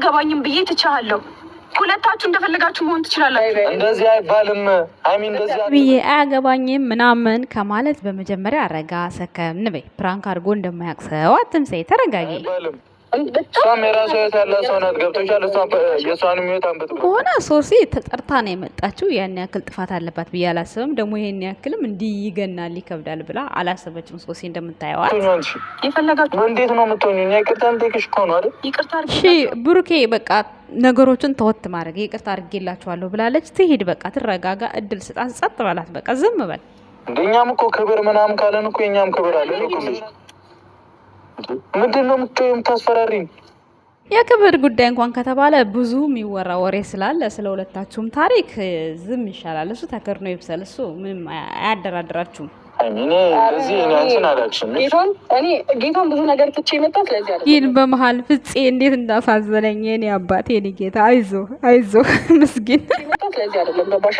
አያገባኝም ብዬ ትቻለሁ። ሁለታችሁ እንደፈለጋችሁ መሆን ትችላላችሁ። እንደዚህ አይባልም ሀይሚ እንደዚህ ብዬ አያገባኝም ምናምን ከማለት በመጀመሪያ አረጋ ሰከን በይ። ፕራንክ አድርጎ እንደማያውቅ ሰው አትምሰይ። ተረጋጊ። እሷም የራሷ ህይወት ያላት ሰው ናት። ገብቶሻል። የእሷን ህይወት አንብጥ ከሆነ ሶሲ ተጠርታ ነው የመጣችው። ያን ያክል ጥፋት አለባት ብዬ አላስብም። ደግሞ ይሄን ያክልም እንዲህ ይገናል ይከብዳል ብላ አላሰበችም። ሶሲ እንደምታየዋል። እንዴት ነው የምትሆኝ? ይቅርታ ንቴክሽ ከሆኑ አይደል? እሺ ብሩኬ በቃ ነገሮችን ተወት ማድረግ ይቅርታ አድርጌላችኋለሁ ብላለች። ትሄድ በቃ ትረጋጋ፣ እድል ስጣት፣ ጸጥ በላት በቃ ዝም በል። እንደኛም እኮ ክብር ምናምን ካለን እኮ የኛም ክብር አለ። ምንድን ነው የምታስፈራሪኝ? የክብር ጉዳይ እንኳን ከተባለ ብዙ የሚወራ ወሬ ስላለ ስለ ሁለታችሁም ታሪክ ዝም ይሻላል። እሱ ተክር ነው ይብሰል። እሱ ምንም አያደራድራችሁም። ጌታን ብዙ ነገር ትቼ የመጣት ለዚያ ይህን በመሀል ፍፄ እንዴት እንዳሳዘነኝ የኔ አባት የኔ ጌታ፣ አይዞ አይዞ ምስጊን ለዚህ አይደለም ገባሽ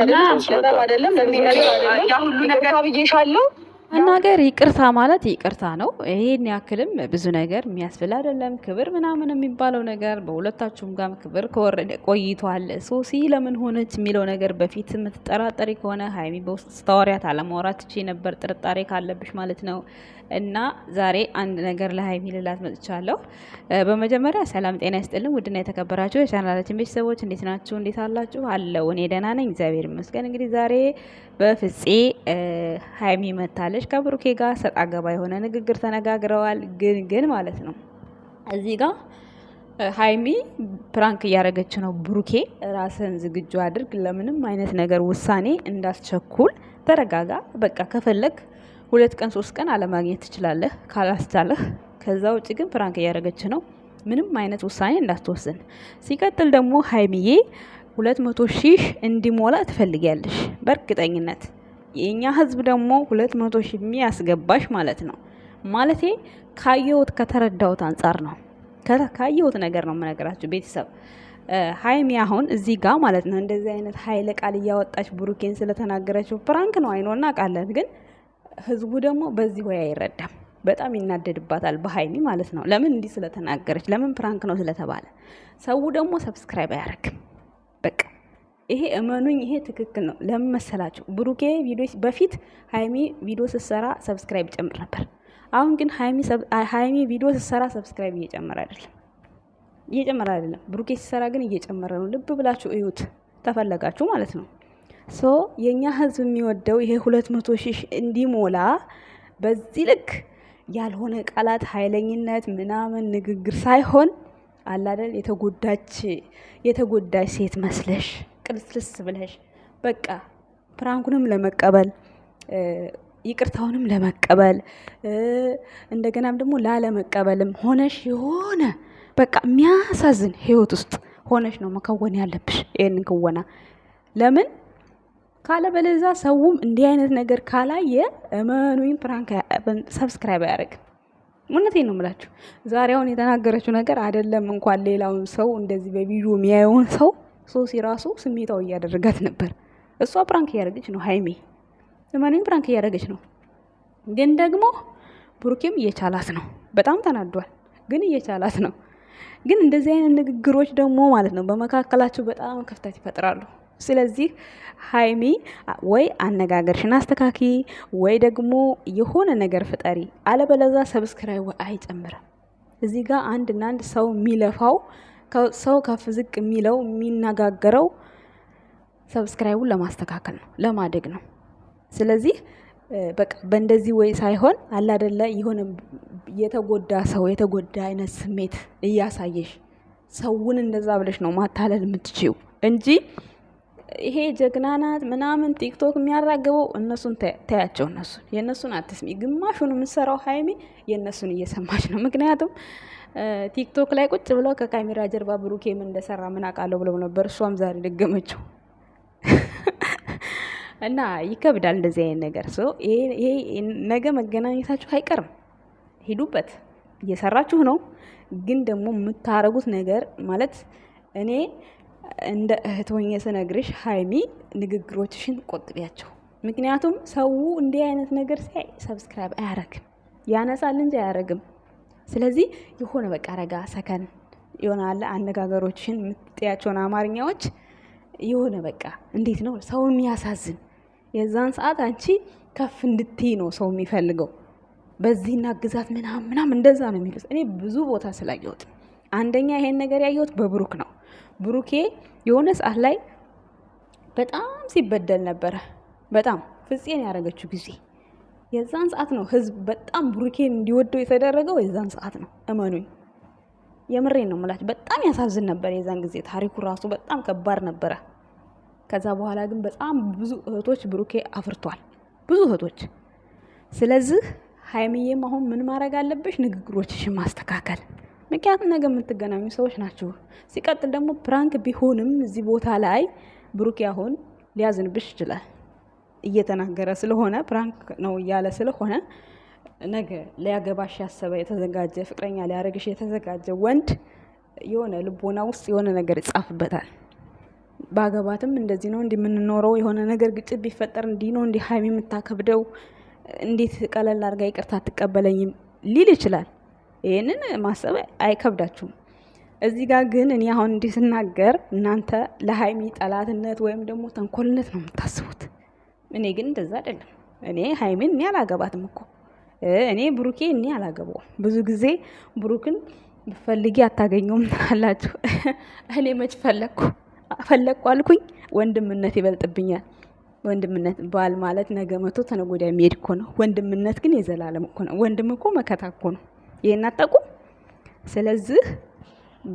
ለጠብ አይደለም ለዚህ ነገር አይደለም ሁሉ ነገር ብዬሻለሁ መናገር ይቅርታ ማለት ይቅርታ ነው። ይሄን ያክልም ብዙ ነገር የሚያስብል አይደለም። ክብር ምናምን የሚባለው ነገር በሁለታችሁም ጋር ክብር ከወረደ ቆይቷል። ሶሲ ለምን ሆነች የሚለው ነገር በፊት የምትጠራጠሪ ከሆነ ሀይሚ በውስጥ ስታወሪያት አለማውራት ትቼ ነበር፣ ጥርጣሬ ካለብሽ ማለት ነው። እና ዛሬ አንድ ነገር ለሀይሚ ልላት መጥቻለሁ። በመጀመሪያ ሰላም ጤና ይስጥልን። ውድና የተከበራችሁ የቻናላችን ቤተሰቦች እንዴት ናችሁ? እንዴት አላችሁ? አለው እኔ ደህና ነኝ፣ እግዚአብሔር ይመስገን። እንግዲህ ዛሬ በፍፄ ሀይሚ መታለች። ከብሩኬ ጋር ሰጣ አገባ የሆነ ንግግር ተነጋግረዋል። ግን ግን ማለት ነው እዚህ ጋር ሀይሚ ፕራንክ እያደረገች ነው። ብሩኬ ራስን ዝግጁ አድርግ፣ ለምንም አይነት ነገር ውሳኔ እንዳስቸኩል፣ ተረጋጋ። በቃ ከፈለግ ሁለት ቀን ሶስት ቀን አለማግኘት ትችላለህ ካላስቻለህ። ከዛ ውጭ ግን ፍራንክ እያደረገች ነው። ምንም አይነት ውሳኔ እንዳትወስን። ሲቀጥል ደግሞ ሀይሚዬ ሁለት መቶ ሺህ እንዲሞላ ትፈልጊያለሽ በእርግጠኝነት። የእኛ ህዝብ ደግሞ ሁለት መቶ ሺህ የሚያስገባሽ ማለት ነው። ማለቴ ካየሁት ከተረዳሁት አንጻር ነው፣ ካየሁት ነገር ነው የምነግራችሁ ቤተሰብ ሀይሚ አሁን እዚህ ጋ ማለት ነው እንደዚህ አይነት ሀይለ ቃል እያወጣች ብሩኬን ስለተናገረችው ፕራንክ ነው አይኖ እናውቃለን ግን ህዝቡ ደግሞ በዚህ ወይ አይረዳም። በጣም ይናደድባታል በሀይሚ ማለት ነው። ለምን እንዲህ ስለተናገረች፣ ለምን ፕራንክ ነው ስለተባለ፣ ሰው ደግሞ ሰብስክራይብ አያደርግም። በቃ ይሄ እመኑኝ፣ ይሄ ትክክል ነው። ለምን መሰላችሁ? ብሩኬ ቪዲዮ በፊት ሀይሚ ቪዲዮ ስትሰራ ሰብስክራይብ ይጨምር ነበር። አሁን ግን ሀይሚ ቪዲዮ ስትሰራ ሰብስክራይብ እየጨመረ አይደለም እየጨመረ አይደለም። ብሩኬ ሲሰራ ግን እየጨመረ ነው። ልብ ብላችሁ እዩት፣ ተፈለጋችሁ ማለት ነው። ሶ የእኛ ህዝብ የሚወደው ይሄ ሁለት መቶ ሺህ እንዲሞላ በዚህ ልክ ያልሆነ ቃላት ኃይለኝነት ምናምን ንግግር ሳይሆን አላደል የተጎዳች የተጎዳች ሴት መስለሽ ቅልስልስ ብለሽ በቃ ፍራንኩንም ለመቀበል ይቅርታውንም ለመቀበል እንደገናም ደግሞ ላለመቀበልም ሆነሽ የሆነ በቃ የሚያሳዝን ህይወት ውስጥ ሆነሽ ነው መከወን ያለብሽ ይህንን ክወና ለምን ካለበለዛ ሰውም እንዲህ አይነት ነገር ካላየ እመኑኝ ፕራንክ ሰብስክራይብ አያደርግም። እውነቴን ነው የምላችሁ። ዛሬ አሁን የተናገረችው ነገር አይደለም እንኳን ሌላውን ሰው እንደዚህ በቪዲዮ የሚያየውን ሰው ሶሲ ራሱ ስሜታው እያደረጋት ነበር። እሷ ፕራንክ እያደረገች ነው፣ ሀይሜ እመኑኝ ፕራንክ እያደረገች ነው። ግን ደግሞ ብሩኬም እየቻላት ነው። በጣም ተናዷል፣ ግን እየቻላት ነው። ግን እንደዚህ አይነት ንግግሮች ደግሞ ማለት ነው በመካከላቸው በጣም ክፍተት ይፈጥራሉ። ስለዚህ ሀይሚ ወይ አነጋገርሽን አስተካኪ ወይ ደግሞ የሆነ ነገር ፍጠሪ፣ አለበለዛ ሰብስክራይብ አይጨምርም። እዚህ ጋር አንድና አንድ ሰው የሚለፋው ሰው ከፍ ዝቅ የሚለው የሚነጋገረው ሰብስክራይቡን ለማስተካከል ነው፣ ለማደግ ነው። ስለዚህ በቃ በእንደዚህ ወይ ሳይሆን አላደለ የሆነ የተጎዳ ሰው የተጎዳ አይነት ስሜት እያሳየሽ ሰውን እንደዛ ብለሽ ነው ማታለል የምትችው እንጂ ይሄ ጀግና ናት ምናምን ቲክቶክ የሚያራግበው እነሱን ተያቸው፣ እነሱን የእነሱን አትስሚ። ግማሹን የምትሰራው ሀይሚ የእነሱን እየሰማች ነው። ምክንያቱም ቲክቶክ ላይ ቁጭ ብለው ከካሜራ ጀርባ ብሩኬ ምን እንደሰራ ምን አውቃለሁ ብለው ነበር። እሷም ዛሬ ደገመችው እና ይከብዳል እንደዚህ አይነት ነገር። ይሄ ነገ መገናኘታችሁ አይቀርም፣ ሂዱበት። እየሰራችሁ ነው፣ ግን ደግሞ የምታረጉት ነገር ማለት እኔ እንደ እህት ሆኜ ስነግርሽ ሀይሚ ንግግሮችሽን ቆጥቢያቸው። ምክንያቱም ሰው እንዲህ አይነት ነገር ሲያይ ሰብስክራይብ አያረግም፣ ያነሳል እንጂ አያረግም። ስለዚህ የሆነ በቃ ረጋ ሰከን ይሆናል። አነጋገሮችሽን የምትጥያቸውን አማርኛዎች የሆነ በቃ እንዴት ነው ሰው የሚያሳዝን። የዛን ሰዓት አንቺ ከፍ እንድትይ ነው ሰው የሚፈልገው። በዚህና ግዛት ምናም ምናም እንደዛ ነው የሚሉት። እኔ ብዙ ቦታ ስላየሁት አንደኛ ይሄን ነገር ያየሁት በብሩክ ነው ብሩኬ የሆነ ሰዓት ላይ በጣም ሲበደል ነበረ። በጣም ፍፄን ያደረገችው ጊዜ የዛን ሰዓት ነው ህዝብ በጣም ብሩኬን እንዲወደው የተደረገው የዛን ሰዓት ነው። እመኑኝ፣ የምሬን ነው የምላችሁ። በጣም ያሳዝን ነበር የዛን ጊዜ ታሪኩ ራሱ በጣም ከባድ ነበረ። ከዛ በኋላ ግን በጣም ብዙ እህቶች ብሩኬ አፍርቷል፣ ብዙ እህቶች። ስለዚህ ሀይሚዬም አሁን ምን ማድረግ አለብሽ? ንግግሮችሽን ማስተካከል ምክንያቱም ነገ የምትገናኙ ሰዎች ናችሁ። ሲቀጥል ደግሞ ፕራንክ ቢሆንም እዚህ ቦታ ላይ ብሩክ ያሁን ሊያዝንብሽ ይችላል። እየተናገረ ስለሆነ ፕራንክ ነው እያለ ስለሆነ ነገ ሊያገባሽ ያሰበ የተዘጋጀ ፍቅረኛ ሊያደርግሽ የተዘጋጀ ወንድ የሆነ ልቦና ውስጥ የሆነ ነገር ይጻፍበታል። በአገባትም እንደዚህ ነው እንዲህ የምንኖረው፣ የሆነ ነገር ግጭት ቢፈጠር እንዲህ ነው እንዲህ ሀይሚ የምታከብደው፣ እንዴት ቀለል አድርጋ ይቅርታ አትቀበለኝም ሊል ይችላል። ይህንን ማሰብ አይከብዳችሁም። እዚህ ጋር ግን እኔ አሁን እንዲህ ስናገር እናንተ ለሀይሚ ጠላትነት ወይም ደግሞ ተንኮልነት ነው የምታስቡት። እኔ ግን እንደዛ አይደለም። እኔ ሀይሚን እኔ አላገባትም እኮ እኔ ብሩኬ እኔ አላገባውም። ብዙ ጊዜ ብሩክን ብፈልጊ አታገኘውም አላችሁ። እኔ መች ፈለግኩ ፈለግኩ አልኩኝ። ወንድምነት ይበልጥብኛል። ወንድምነት ባል ማለት ነገ መቶ ተነጎዳ የሚሄድ እኮ ነው። ወንድምነት ግን የዘላለም እኮ ነው። ወንድም እኮ መከታ እኮ ነው። ይሄን አታውቁም። ስለዚህ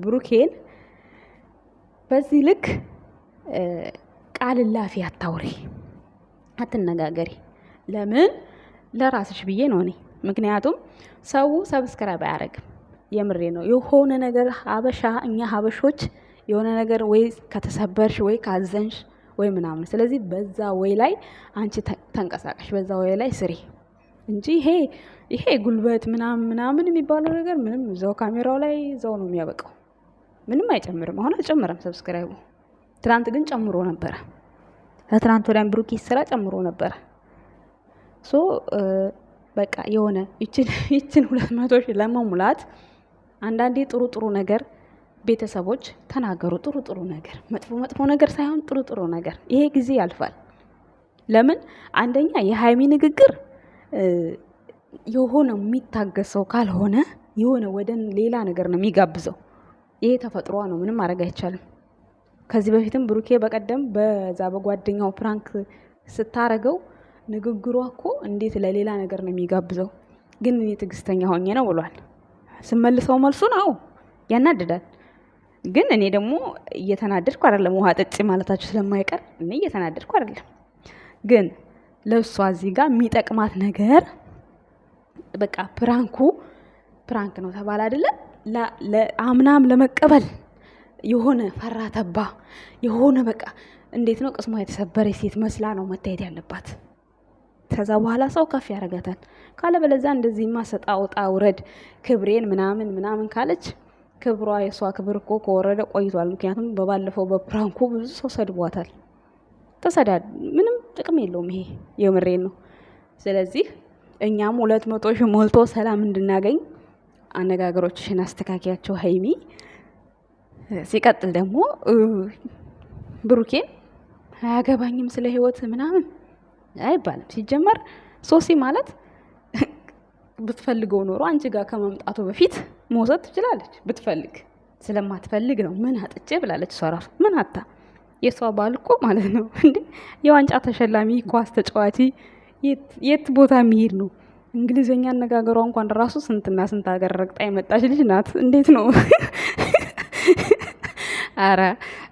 ብሩኬን በዚህ ልክ ቃል ላፊ አታውሪ፣ አትነጋገሪ። ለምን ለራስሽ ብዬ ነው እኔ። ምክንያቱም ሰው ሰብስክራይብ አያደርግም። የምሬ ነው። የሆነ ነገር ሀበሻ እኛ ሀበሾች የሆነ ነገር ወይ ከተሰበርሽ ወይ ካዘንሽ ወይ ምናምን፣ ስለዚህ በዛ ወይ ላይ አንቺ ተንቀሳቀሽ፣ በዛ ወይ ላይ ስሪ። እንጂ ይሄ ይሄ ጉልበት ምናምን ምናምን የሚባለው ነገር ምንም እዛው ካሜራው ላይ እዛው ነው የሚያበቃው። ምንም አይጨምርም። አሁን አልጨምረም ሰብስክራይቡ። ትናንት ግን ጨምሮ ነበረ። ከትናንት ወዲያም ብሩኬ ስራ ጨምሮ ነበረ። ሶ በቃ የሆነ ይችን ሁለት መቶ ሺህ ለመሙላት አንዳንዴ ጥሩ ጥሩ ነገር ቤተሰቦች ተናገሩ። ጥሩ ጥሩ ነገር፣ መጥፎ መጥፎ ነገር ሳይሆን ጥሩ ጥሩ ነገር። ይሄ ጊዜ ያልፋል። ለምን አንደኛ የሀይሚ ንግግር የሆነ የሚታገሰው ካልሆነ የሆነ ወደ ሌላ ነገር ነው የሚጋብዘው። ይሄ ተፈጥሯ ነው፣ ምንም ማድረግ አይቻልም። ከዚህ በፊትም ብሩኬ በቀደም በዛ በጓደኛው ፕራንክ ስታረገው ንግግሯ እኮ እንዴት ለሌላ ነገር ነው የሚጋብዘው። ግን እኔ ትዕግስተኛ ሆኜ ነው ብሏል። ስመልሰው መልሱን አዎ ያናድዳል። ግን እኔ ደግሞ እየተናደድኩ አይደለም። ውሃ ጠጪ ማለታችሁ ስለማይቀር እኔ እየተናደድኩ አይደለም ግን ለእሷ እዚህ ጋር የሚጠቅማት ነገር በቃ ፕራንኩ ፕራንክ ነው ተባለ አይደለ? አምናም ለመቀበል የሆነ ፈራ ተባ የሆነ በቃ እንዴት ነው ቅስሟ የተሰበረ ሴት መስላ ነው መታየት ያለባት። ከዛ በኋላ ሰው ከፍ ያደርጋታል። ካለበለዚያ እንደዚህማ ሰጣ ወጣ ውረድ ክብሬን ምናምን ምናምን ካለች ክብሯ የእሷ ክብር እኮ ከወረደ ቆይቷል። ምክንያቱም በባለፈው በፕራንኩ ብዙ ሰው ሰድቧታል። ተሰዳ ምንም ጥቅም የለውም። ይሄ የምሬን ነው። ስለዚህ እኛም ሁለት መቶ ሺህ ሞልቶ ሰላም እንድናገኝ አነጋገሮችሽን አስተካኪያቸው ሀይሚ። ሲቀጥል ደግሞ ብሩኬን አያገባኝም ስለ ህይወት ምናምን አይባልም። ሲጀመር ሶሲ ማለት ብትፈልገው ኖሮ አንቺ ጋር ከመምጣቱ በፊት መውሰድ ትችላለች። ብትፈልግ ስለማትፈልግ ነው ምን አጥቼ ብላለች። እሷ ራሱ ምን አታ የሷ ባል እኮ ማለት ነው እንዴ የዋንጫ ተሸላሚ ኳስ ተጫዋች የት ቦታ የሚሄድ ነው? እንግሊዝኛ አነጋገሯ እንኳን ራሱ ስንትና ስንት ሀገር ረግጣ የመጣች ልጅ ናት። እንዴት ነው? አረ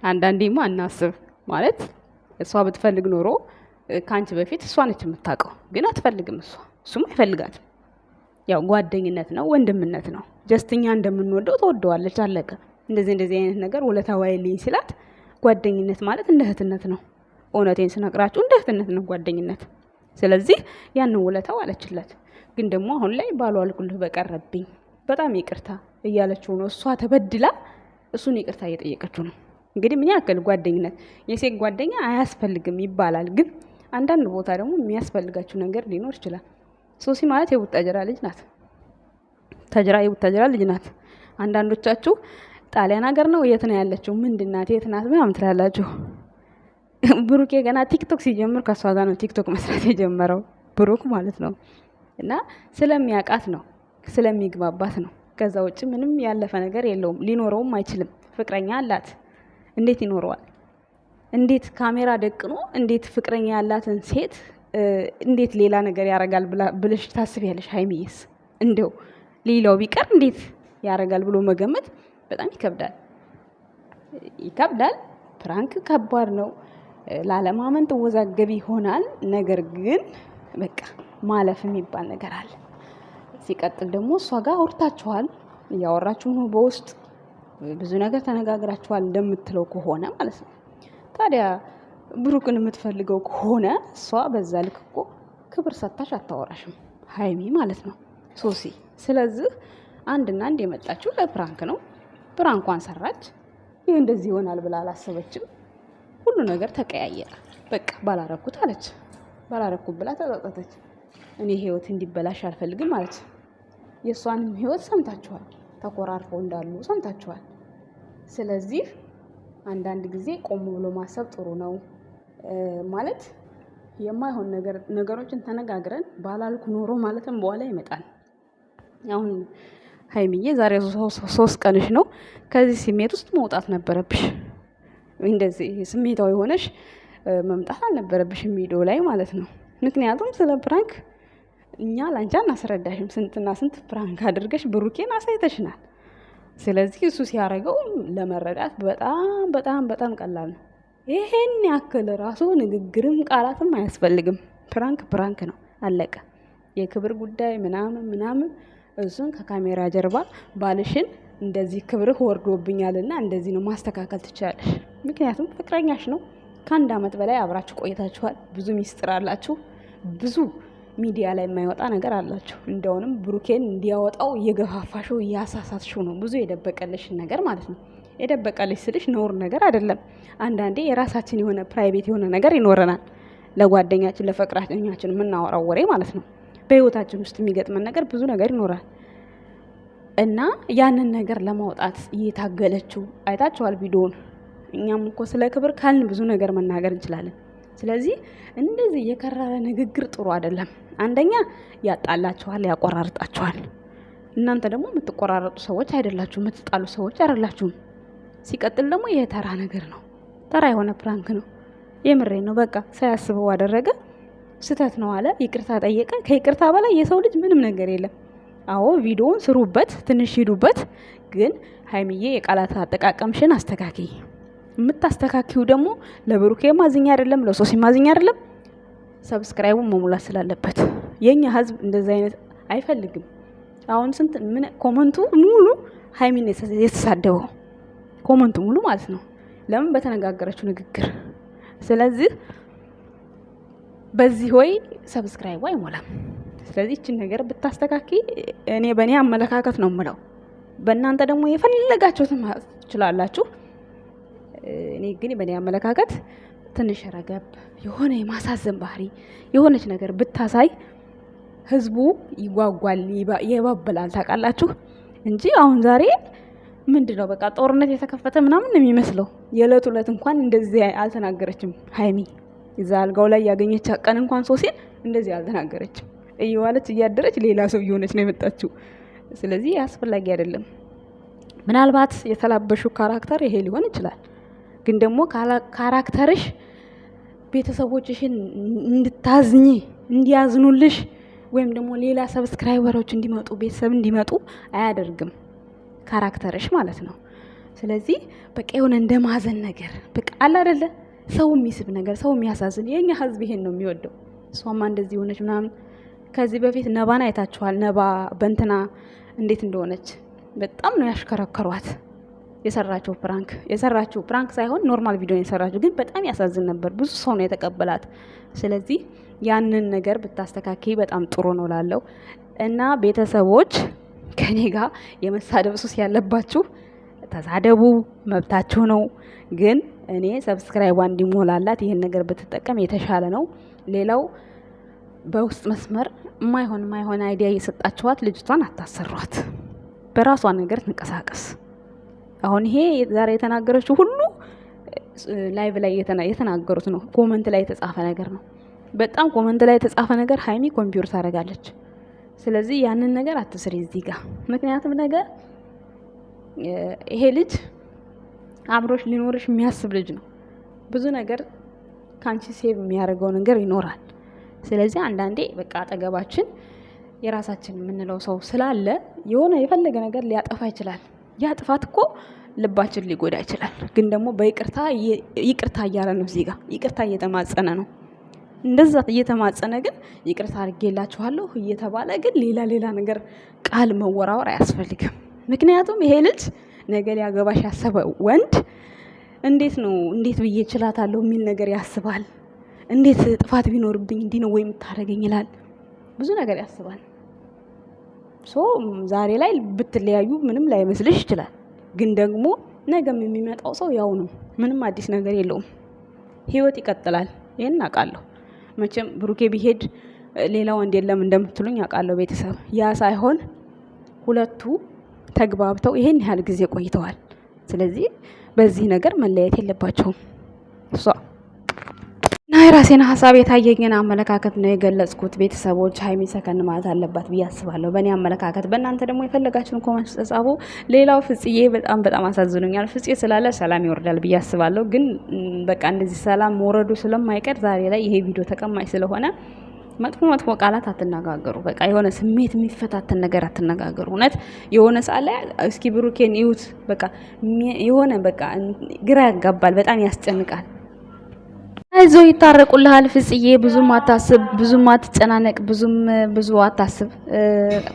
አንዳንዴማ አናስብ ማለት እሷ ብትፈልግ ኖሮ ከአንቺ በፊት እሷ ነች የምታውቀው። ግን አትፈልግም፣ እሷ እሱም አይፈልጋትም። ያው ጓደኝነት ነው ወንድምነት ነው። ጀስትኛ እንደምንወደው ተወደዋለች፣ አለቀ። እንደዚህ እንደዚህ አይነት ነገር ውለታ ዋይልኝ ሲላት ጓደኝነት ማለት እንደ እህትነት ነው። እውነቴን ስነግራችሁ እንደ እህትነት ነው ጓደኝነት። ስለዚህ ያንን ውለታ አለችለት። ግን ደግሞ አሁን ላይ ባሏ አልኩልህ በቀረብኝ በጣም ይቅርታ እያለችው ነው። እሷ ተበድላ እሱን ይቅርታ እየጠየቀችው ነው። እንግዲህ ምን ያክል ጓደኝነት የሴት ጓደኛ አያስፈልግም ይባላል። ግን አንዳንድ ቦታ ደግሞ የሚያስፈልጋችሁ ነገር ሊኖር ይችላል። ሶሲ ማለት የቡታጀራ ልጅ ናት። ተጅራ የቡታጀራ ልጅ ናት። አንዳንዶቻችሁ ጣሊያን ሀገር ነው የት ነው ያለችው? ምንድናት? የት ናት? ምናምን ትላላችሁ። ብሩኬ ገና ቲክቶክ ሲጀምር ከእሷ ጋር ነው ቲክቶክ መስራት የጀመረው ብሩክ ማለት ነው። እና ስለሚያውቃት ነው ስለሚግባባት ነው። ከዛ ውጭ ምንም ያለፈ ነገር የለውም፣ ሊኖረውም አይችልም። ፍቅረኛ አላት፣ እንዴት ይኖረዋል? እንዴት ካሜራ ደቅኖ እንዴት ፍቅረኛ ያላትን ሴት እንዴት ሌላ ነገር ያረጋል ብለሽ ታስቢያለሽ? ሀይሚዬስ እንደው ሌላው ቢቀር እንዴት ያረጋል ብሎ መገመት በጣም ይከብዳል ይከብዳል። ፕራንክ ከባድ ነው። ላለማመን ትወዛገቢ ይሆናል። ነገር ግን በቃ ማለፍ የሚባል ነገር አለ። ሲቀጥል ደግሞ እሷ ጋር አውርታችኋል፣ እያወራችሁ ነው። በውስጥ ብዙ ነገር ተነጋግራችኋል እንደምትለው ከሆነ ማለት ነው። ታዲያ ብሩክን የምትፈልገው ከሆነ እሷ በዛ ልክ እኮ ክብር ሰታሽ አታወራሽም ሀይሚ ማለት ነው ሶሲ። ስለዚህ አንድና አንድ የመጣችው ለፕራንክ ነው። ፕራንኳን ሰራች። ይህ እንደዚህ ይሆናል ብላ አላሰበችም። ሁሉ ነገር ተቀያየረ። በቃ ባላረኩት አለች። ባላረኩት ብላ ተጸጸተች። እኔ ህይወት እንዲበላሽ አልፈልግም አለች። የእሷንም ህይወት ሰምታችኋል። ተኮራርፈው እንዳሉ ሰምታችኋል። ስለዚህ አንዳንድ ጊዜ ቆም ብሎ ማሰብ ጥሩ ነው ማለት የማይሆን ነገሮችን ተነጋግረን ባላልኩ ኖሮ ማለትም በኋላ ይመጣል አሁን ሀይሚዬ ዛሬ ሶስት ቀንሽ ነው። ከዚህ ስሜት ውስጥ መውጣት ነበረብሽ። እንደዚህ ስሜታዊ ሆነሽ መምጣት አልነበረብሽ ቪዲዮ ላይ ማለት ነው። ምክንያቱም ስለ ፕራንክ እኛ ላንቺ አናስረዳሽም። ስንትና ስንት ፕራንክ አድርገሽ ብሩኬን አሳይተሽናል። ስለዚህ እሱ ሲያደርገው ለመረዳት በጣም በጣም በጣም ቀላል ነው። ይሄን ያክል ራሱ ንግግርም ቃላትም አያስፈልግም። ፕራንክ ፕራንክ ነው፣ አለቀ። የክብር ጉዳይ ምናምን ምናምን እሱን ከካሜራ ጀርባ ባልሽን እንደዚህ ክብርህ ወርዶብኛልና እንደዚህ ነው ማስተካከል ትችላለሽ። ምክንያቱም ፍቅረኛሽ ነው። ከአንድ ዓመት በላይ አብራችሁ ቆይታችኋል። ብዙ ሚስጥር አላችሁ። ብዙ ሚዲያ ላይ የማይወጣ ነገር አላችሁ። እንደውንም ብሩኬን እንዲያወጣው እየገፋፋሽው እያሳሳትሽው ነው። ብዙ የደበቀልሽን ነገር ማለት ነው። የደበቀልሽ ስልሽ ነውር ነገር አይደለም። አንዳንዴ የራሳችን የሆነ ፕራይቬት የሆነ ነገር ይኖረናል። ለጓደኛችን ለፍቅረኛችን የምናወራው ወሬ ማለት ነው። በህይወታችን ውስጥ የሚገጥመን ነገር ብዙ ነገር ይኖራል እና ያንን ነገር ለማውጣት እየታገለችው አይታችኋል ቪዲዮን እኛም እኮ ስለ ክብር ካልን ብዙ ነገር መናገር እንችላለን። ስለዚህ እንደዚህ የከረረ ንግግር ጥሩ አይደለም። አንደኛ ያጣላችኋል፣ ያቆራርጣችኋል። እናንተ ደግሞ የምትቆራረጡ ሰዎች አይደላችሁም፣ የምትጣሉ ሰዎች አይደላችሁም። ሲቀጥል ደግሞ ይሄ ተራ ነገር ነው፣ ተራ የሆነ ፕራንክ ነው። የምሬ ነው። በቃ ሳያስበው አደረገ። ስህተት ነው አለ። ይቅርታ ጠየቀ። ከይቅርታ በላይ የሰው ልጅ ምንም ነገር የለም። አዎ ቪዲዮውን ስሩበት፣ ትንሽ ሂዱበት። ግን ሀይሚዬ የቃላት አጠቃቀምሽን አስተካክይ። የምታስተካክዩ ደግሞ ለብሩኬ ማዝኛ አይደለም፣ ለሶሲ ማዝኛ አይደለም። ሰብስክራይቡን መሙላት ስላለበት የኛ ህዝብ እንደዚ አይነት አይፈልግም። አሁን ስንት ምን ኮመንቱ ሙሉ ሀይሚን የተሳደበው ኮመንቱ ሙሉ ማለት ነው። ለምን በተነጋገረችው ንግግር። ስለዚህ በዚህ ወይ ሰብስክራይብ አይሞላም። ስለዚህ ይችን ነገር ብታስተካክይ እኔ በእኔ አመለካከት ነው የምለው። በእናንተ ደግሞ የፈለጋችሁት ትችላላችሁ። እኔ ግን በእኔ አመለካከት ትንሽ ረገብ የሆነ የማሳዘን ባህሪ የሆነች ነገር ብታሳይ ህዝቡ ይጓጓል፣ ይባበላል። ታውቃላችሁ እንጂ አሁን ዛሬ ምንድን ነው በቃ ጦርነት የተከፈተ ምናምን የሚመስለው የዕለት ዕለት እንኳን እንደዚህ አልተናገረችም ሀይሚ እዛ አልጋው ላይ ያገኘች ቀን እንኳን ሶሴን እንደዚህ አልተናገረችም። እየዋለች እያደረች ሌላ ሰው እየሆነች ነው የመጣችው። ስለዚህ አስፈላጊ አይደለም። ምናልባት የተላበሹ ካራክተር ይሄ ሊሆን ይችላል። ግን ደግሞ ካራክተርሽ ቤተሰቦችሽን እንድታዝኝ እንዲያዝኑልሽ ወይም ደግሞ ሌላ ሰብስክራይበሮች እንዲመጡ ቤተሰብ እንዲመጡ አያደርግም ካራክተርሽ ማለት ነው። ስለዚህ በቃ የሆነ እንደማዘን ነገር በቃ አለ አይደለ ሰው የሚስብ ነገር፣ ሰው የሚያሳዝን የእኛ ህዝብ ይሄን ነው የሚወደው። እሷማ እንደዚህ የሆነች ምናምን። ከዚህ በፊት ነባን አይታችኋል። ነባ በንትና እንዴት እንደሆነች በጣም ነው ያሽከረከሯት። የሰራችው ፕራንክ የሰራችው ፕራንክ ሳይሆን ኖርማል ቪዲዮ የሰራችው ግን በጣም ያሳዝን ነበር። ብዙ ሰው ነው የተቀበላት። ስለዚህ ያንን ነገር ብታስተካክይ በጣም ጥሩ ነው ላለው እና ቤተሰቦች ከኔ ጋር የመሳደብ ሱስ ያለባችሁ ተሳደቡ፣ መብታችሁ ነው ግን እኔ ሰብስክራይቧ እንዲሞላላት ይህን ነገር ብትጠቀም የተሻለ ነው። ሌላው በውስጥ መስመር የማይሆን የማይሆን አይዲያ እየሰጣችኋት ልጅቷን አታሰሯት። በራሷ ነገር ትንቀሳቀስ። አሁን ይሄ ዛሬ የተናገረችው ሁሉ ላይቭ ላይ የተናገሩት ነው። ኮመንት ላይ የተጻፈ ነገር ነው። በጣም ኮመንት ላይ የተጻፈ ነገር ሀይሚ ኮምፒውተር ታደርጋለች። ስለዚህ ያንን ነገር አትስሪ እዚህ ጋር ምክንያቱም ነገር ይሄ ልጅ አብሮሽ ሊኖርሽ የሚያስብ ልጅ ነው። ብዙ ነገር ከአንቺ ሴቭ የሚያደርገው ነገር ይኖራል። ስለዚህ አንዳንዴ በቃ አጠገባችን የራሳችን የምንለው ሰው ስላለ የሆነ የፈለገ ነገር ሊያጠፋ ይችላል። ያ ጥፋት እኮ ልባችን ሊጎዳ ይችላል። ግን ደግሞ በይቅርታ ይቅርታ እያለ ነው እዚህ ጋር ይቅርታ እየተማጸነ ነው። እንደዛ እየተማጸነ ግን ይቅርታ አድርጌላችኋለሁ እየተባለ ግን ሌላ ሌላ ነገር ቃል መወራወር አያስፈልግም። ምክንያቱም ይሄ ልጅ ነገ ሊያገባሽ ያሰበ ወንድ እንዴት ነው እንዴት ብዬ እችላታለሁ የሚል ነገር ያስባል። እንዴት ጥፋት ቢኖርብኝ እንዲህ ነው ወይ የምታደርገኝ ይላል። ብዙ ነገር ያስባል። ሶ ዛሬ ላይ ብትለያዩ ምንም ላይመስልሽ ይችላል። ግን ደግሞ ነገም የሚመጣው ሰው ያው ነው። ምንም አዲስ ነገር የለውም። ህይወት ይቀጥላል። ይህን አውቃለሁ። መቼም ብሩኬ ቢሄድ ሌላ ወንድ የለም እንደምትሉኝ አውቃለሁ። ቤተሰብ ያ ሳይሆን ሁለቱ ተግባብተው ይሄን ያህል ጊዜ ቆይተዋል። ስለዚህ በዚህ ነገር መለያየት የለባቸውም። እሷ እና የራሴን ሀሳብ የታየኝን አመለካከት ነው የገለጽኩት። ቤተሰቦች ሀይሚ ሰከን ማለት አለባት ብዬ አስባለሁ፣ በእኔ አመለካከት። በእናንተ ደግሞ የፈለጋችሁን ኮመንት ተጻፉ። ሌላው ፍጽዬ በጣም በጣም አሳዝኖኛል። ፍጽዬ ስላለ ሰላም ይወርዳል ብዬ አስባለሁ። ግን በቃ እንደዚህ ሰላም መውረዱ ስለማይቀር ዛሬ ላይ ይሄ ቪዲዮ ተቀማጭ ስለሆነ መጥፎ መጥፎ ቃላት አትነጋገሩ። በቃ የሆነ ስሜት የሚፈታትን ነገር አትነጋገሩ። እውነት የሆነ ሰዓት ላይ እስኪ ብሩኬን ይዩት። በቃ የሆነ በቃ ግራ ያጋባል፣ በጣም ያስጨንቃል። አይዞ ይታረቁልሃል ፍጽዬ፣ ብዙም አታስብ፣ ብዙም አትጨናነቅ፣ ብዙም ብዙ አታስብ።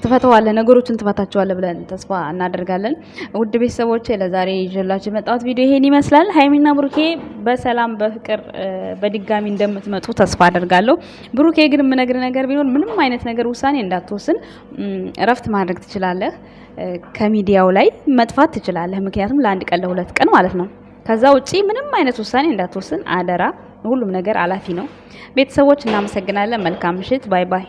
ትፈተዋለህ፣ ነገሮችን ትፈታቸዋለህ ብለን ተስፋ እናደርጋለን። ውድ ቤተሰቦቼ ለዛሬ ይዤላችሁ የመጣሁት ቪዲዮ ይሄን ይመስላል። ሀይሚና ብሩኬ በሰላም በፍቅር በድጋሚ እንደምትመጡ ተስፋ አደርጋለሁ። ብሩኬ ግን የምነግር ነገር ቢሆን ምንም አይነት ነገር ውሳኔ እንዳትወስን፣ እረፍት ማድረግ ትችላለህ። ከሚዲያው ላይ መጥፋት ትችላለህ። ምክንያቱም ለአንድ ቀን ለሁለት ቀን ማለት ነው። ከዛ ውጪ ምንም አይነት ውሳኔ እንዳትወስን አደራ። ሁሉም ነገር አላፊ ነው። ቤተሰቦች እናመሰግናለን። መልካም ምሽት። ባይ ባይ